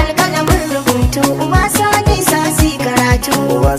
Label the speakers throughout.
Speaker 1: alkalamin rubutu, uba sa sasi karatu. Uba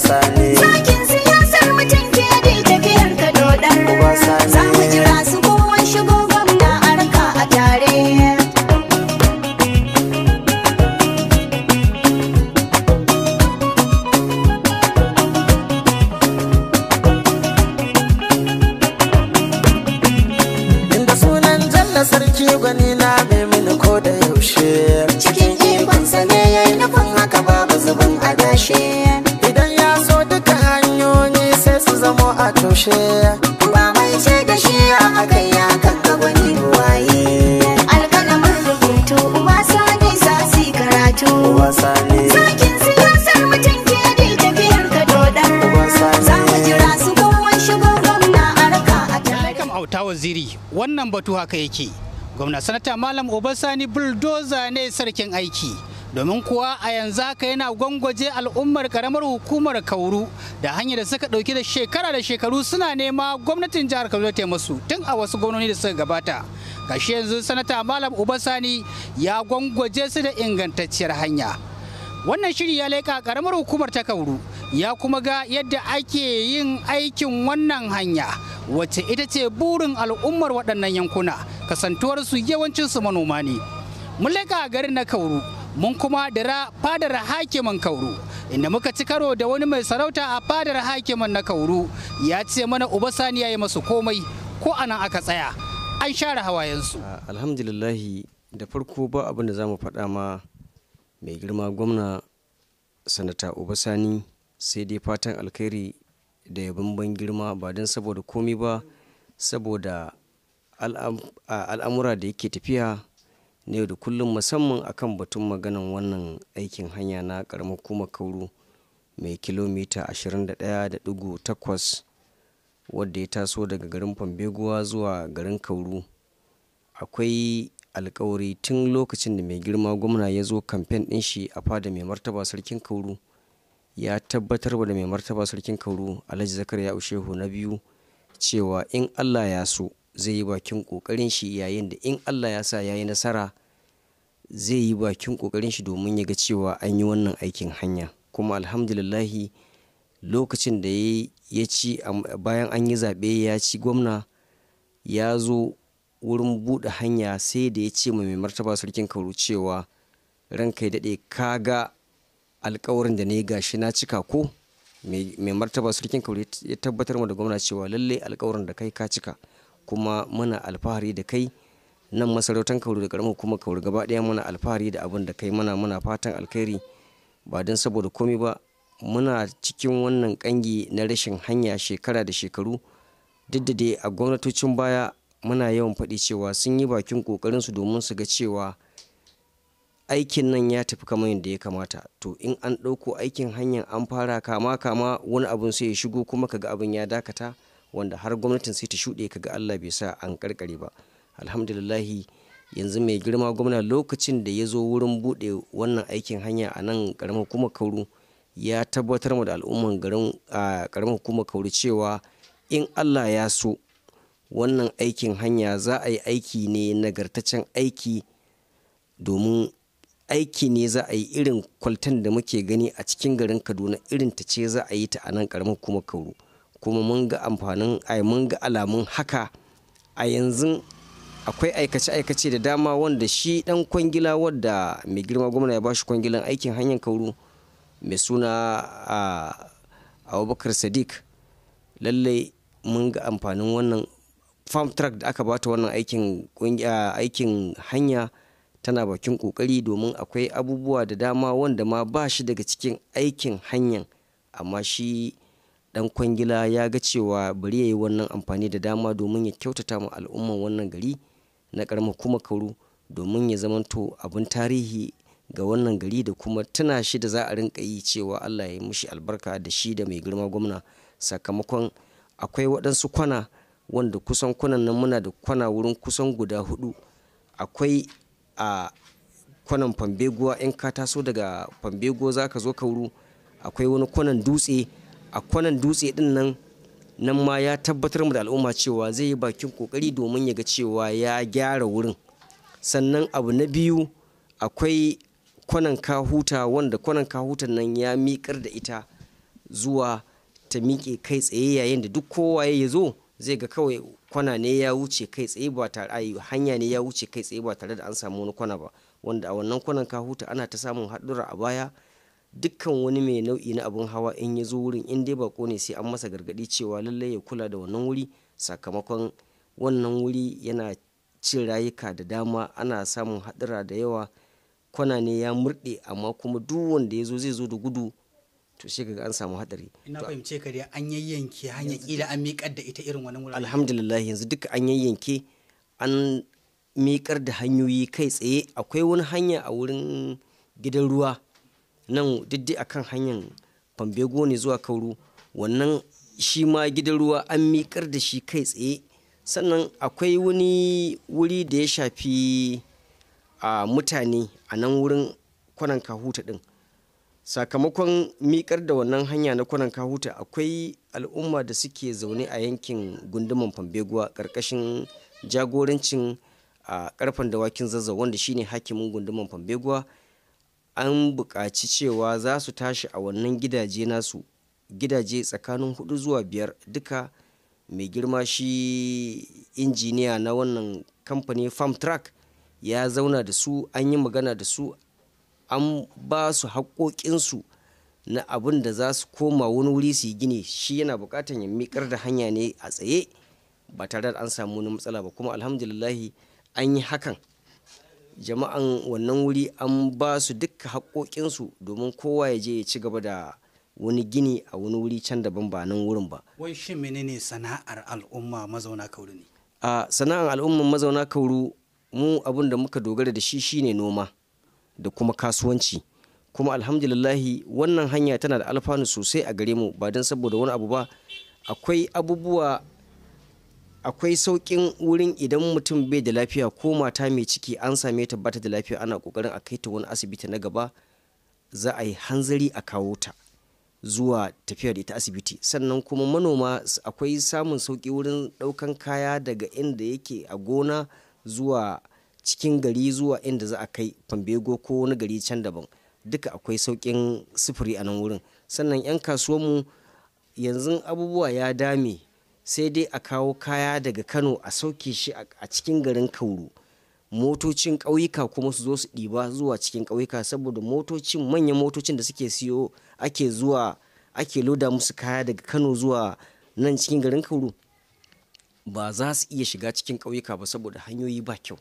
Speaker 1: batu haka yake gwamna sanata malam obasani buldoza ne sarkin aiki domin kuwa a yanzu haka yana gwangwaje al'ummar karamar hukumar kauru da hanyar da suka dauki da shekara da shekaru suna nema gwamnatin jihar kauru ta masu tun a wasu gwamnoni da suka gabata gashi yanzu sanata malam obasani ya gwangwaje su da ingantacciyar hanya wannan shiri ya leka karamar hukumar ta kauru ya kuma ga yadda ake yin aikin wannan hanya wacce ita ce burin al'ummar waɗannan yankuna kasantuwarsu su manoma ne. Mun a garin na Kauru, mun kuma dira fadar hakiman Kauru, inda muka ci karo da wani mai sarauta a fadar hakiman na Kauru ya ce mana uba sani ya yi masu komai ko anan aka tsaya. An share hawayensu.
Speaker 2: Ah, alhamdulillahi da farko ba abin da za mu faɗa ma mai girma gwamna sanata uba sani sai dai fatan alkhairi da ya ban girma ba don saboda komi ba saboda al'amura da yake tafiya na da kullum musamman akan batun maganan wannan aikin hanya na karamar kuma kauru mai kilomita 21.8 wadda ya taso daga garin fambeguwa zuwa garin kauru akwai alkawari tun lokacin da mai girma gwamna ya zo kamfen din shi a fada mai martaba sarkin kauru ya tabbatar da mai martaba sarkin kauru alhaji zakariya ushehu na biyu cewa in allah ya so zai yi bakin kokarin shi yayin da in allah ya sa ya yi nasara zai yi bakin kokarin shi domin ya ga cewa an yi wannan aikin hanya kuma alhamdulillahi lokacin da ya ci bayan an yi zaɓe ya ci gwamna ya zo wurin buɗe hanya sai da ya ce mai martaba sarkin kauru cewa ranka ya daɗe ka ga. alkawarin da ne shi na cika ko mai martaba sulkin kauri ya tabbatar mu da gwamna cewa lalle alkawarin da kai ka cika kuma muna alfahari da kai nan masarautar kauri da karamin kuma kauri gaba daya muna alfahari da abin da kai mana muna fatan alkhairi ba don saboda komai ba muna cikin wannan kangi na rashin hanya shekara da shekaru duk da dai a gwamnatocin baya muna yawan faɗi cewa sun yi bakin ƙoƙarinsu domin su ga cewa aikin nan ya tafi kamar yadda ya kamata to in an ɗauko aikin hanyar an fara kama kama wani abin sai ya shigo kuma kaga abin ya dakata wanda har gwamnatin sai ta shuɗe kaga Allah bai sa an karkare ba alhamdulillahi yanzu mai girma gwamna lokacin da ya zo wurin buɗe wannan aikin hanya a nan ƙaramar kuma kauru ya tabbatar mu da al'umman garin ƙaramar kuma kauru cewa in Allah ya so wannan aikin hanya za a yi aiki ne nagartaccen aiki domin aiki ne za a yi irin kwaltan da muke gani a cikin garin kaduna irin ta ce za a yi ta a nan karamar kuma kauru kuma mun ga amfanin ai mun ga alamun haka a yanzu akwai aikace-aikace da dama wanda shi dan kwangila wadda mai girma gwamna ya bashi kwangilan aikin hanyar kauru mai suna a abubakar sadiq lallai mun ga amfanin wannan farm track da aka bata wannan aikin hanya tana bakin kokari domin akwai abubuwa da dama wanda ma ba shi daga cikin aikin hanyar amma shi dan kwangila ya ga cewa bari ya yi wannan amfani da dama domin ya kyautata ma al'umman wannan gari na karama kuma karu domin ya zamanto abin tarihi ga wannan gari da kuma tana shi da za a rinka yi cewa allah ya yi mushi albarka da shi da mai girma gwamna sakamakon akwai waɗansu kwana wanda kusan kunan nan muna da kwana wurin kusan guda hudu akwai a kwanan fambeguwa in ka taso daga fambeguwa za ka zo kauru akwai wani kwanan dutse a kwanan dutse din nan nan ma ya tabbatar mu da al'umma cewa zai yi bakin kokari domin ya ga cewa ya gyara wurin sannan abu na biyu akwai kwanan kahuta wanda kwanan kahutan nan ya miƙar da ita zuwa ta miƙe kai tsaye yayin da duk kowa ya zo zai ga kawai kwana ne ya wuce kai tsaye ba tare hanya ne ya wuce kai tsaye ba tare da an samu wani kwana ba wanda a wannan kwanan ka huta ana ta samun haɗura a baya dukkan wani mai nau'i na abin hawa in ya zo wurin in dai bako ne sai an masa gargaɗi cewa lallai ya kula da wannan wuri sakamakon wannan wuri yana cin rayuka da dama ana samun haɗura da yawa kwana ne ya murɗe amma kuma duk wanda ya zo zai zo da gudu to shi ga an samu hadari
Speaker 1: ina fahimce ka dai an yayyanke hanya kila an miƙar da ita irin wannan wurare alhamdulillah
Speaker 2: yanzu duka an yayyanke an miƙar da hanyoyi kai tsaye akwai wani hanya a wurin gidan ruwa nan diddi akan hanyar fambego ne zuwa kauru wannan shi ma gidan ruwa an miƙar da shi kai tsaye sannan akwai wani wuri da ya shafi a ah, mutane a nan wurin kwanan kahuta ɗin sakamakon miƙar da wannan hanya na kwanan kahuta akwai al'umma da suke zaune a yankin gunduman fambeguwa ƙarƙashin jagorancin a ƙarfen dawakin zazzau wanda shine hakimin gunduman fambeguwa an bukaci cewa za su tashi a wannan gidaje nasu gidaje tsakanin hudu zuwa biyar duka mai girma shi injiniya na wannan kamfani farm track ya zauna da su an yi magana da su an ba su haƙoƙinsu na abin da za su koma wani wuri su yi gini shi yana buƙatar ya miƙar da hanya ne a tsaye ba tare da an samu wani matsala ba kuma alhamdulillahi an yi hakan jama'an wannan wuri an ba su duka haƙoƙinsu domin kowa ya je ya ci gaba da wani gini a wani wuri can daban ba nan wurin ba.
Speaker 1: Wai shi menene sana'ar al'umma mazauna kauru ne?
Speaker 2: A sana'ar al'umma mazauna kauru mu abin da muka dogara da shi shine noma. da kuma kasuwanci kuma alhamdulillahi wannan hanya tana da alfanu sosai a gare mu ba don saboda wani abu ba akwai abubuwa akwai sauƙin wurin idan mutum bai da lafiya ko mata mai ciki an same ta bata da lafiya ana ƙoƙarin a kai ta wani asibiti na gaba za a yi hanzari a kawo ta zuwa tafiyar ita asibiti sannan kuma manoma akwai samun sauki wurin ɗaukan kaya daga inda yake a gona zuwa cikin gari zuwa inda za a kai fambego ko wani gari can daban duka akwai saukin sufuri a nan wurin sannan 'yan kasuwanmu yanzu abubuwa ya dame sai dai a kawo kaya daga kano a sauke shi a cikin garin kauru motocin ƙauyuka kuma su zo su ɗiba zuwa cikin ƙauyuka saboda motocin manyan motocin da suke siyo ake zuwa ake loda musu kaya daga kano zuwa nan cikin garin kauru ba za su iya shiga cikin ƙauyuka ba saboda hanyoyi ba kyau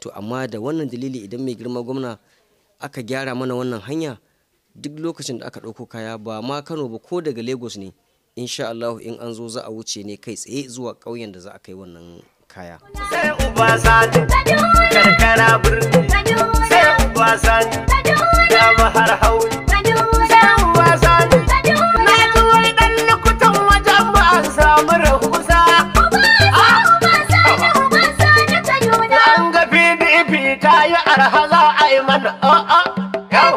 Speaker 2: to amma da wannan dalili idan mai girma gwamna aka gyara mana wannan hanya duk lokacin da aka ɗauko kaya ba ma kano ba ko daga lagos ne insha allahu in an zo za a wuce ne kai tsaye zuwa ƙauyen da za a kai wannan kaya sai
Speaker 1: har ha za a yi mana o'o. ban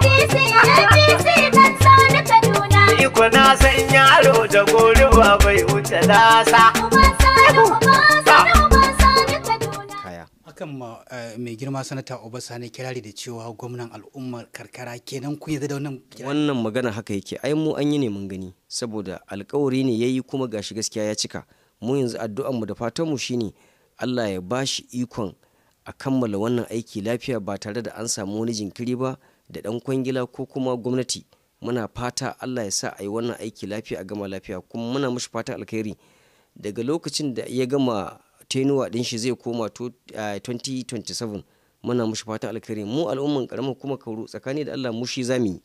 Speaker 1: Kaduna. Iko na san yaro da goruwa bai wuce lasa. Eh, mai girma sanata Obasani kirari da cewa gwamnan al'ummar karkara kenan ku yadda da wannan
Speaker 2: Wannan magana haka yake ai mu an yi ne mun gani saboda alkawari ne yayi kuma gashi gaskiya ya cika mu yanzu addu'an mu da fatan mu shine Allah ya bashi ikon a kammala wannan aiki lafiya ba tare da an samu wani jinkiri ba da ɗan kwangila ko kuma gwamnati muna fata allah ya sa a yi wannan aiki lafiya a gama lafiya kuma muna mashi fata alkhairi daga lokacin da ya gama tenuwa ɗin shi zai koma 2027 muna mashi fatan alkhairi mu al'umman karamar kuma kauru tsakani da Allah mushi zami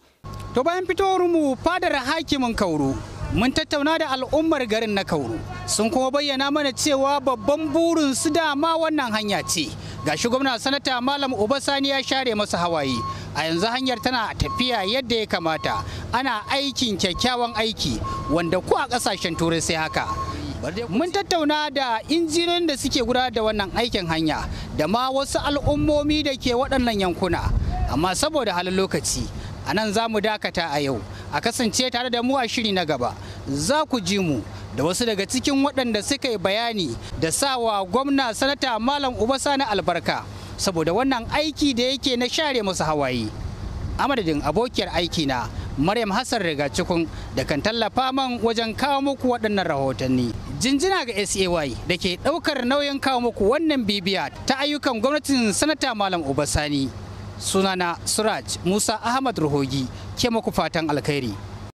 Speaker 2: to bayan fitowar mu fadar hakimin kauru mun tattauna da
Speaker 1: al'ummar garin na kauru sun kuma bayyana mana cewa babban burin su dama wannan hanya ce gashi gwamna sanata malam Sani ya share masa hawaye a yanzu hanyar tana tafiya yadda ya kamata ana aikin kyakkyawan aiki wanda ku a kasashen turai sai haka mun tattauna da injiniyoyin da suke gudanar da wannan aikin hanya da ma wasu al'ummomi da ke waɗannan yankuna amma saboda halin lokaci a nan za mu dakata a yau a kasance tare da mu a shiri na gaba za ku ji mu da wasu daga cikin waɗanda suka yi bayani da sawa gwamna sanata malam Sani albarka saboda wannan aiki da yake na share musu hawaye amadadin abokiyar aikina maryam hassan riga cikin da kan tallafa man wajen kawo muku waɗannan rahotanni jinjina ga SAY da ke ɗaukar nauyin kawo muku wannan bibiya ta ayyukan gwamnatin sanata Malam sani Sunana Suraj Musa Ahmad Ruhogi ke muku fatan alkhairi.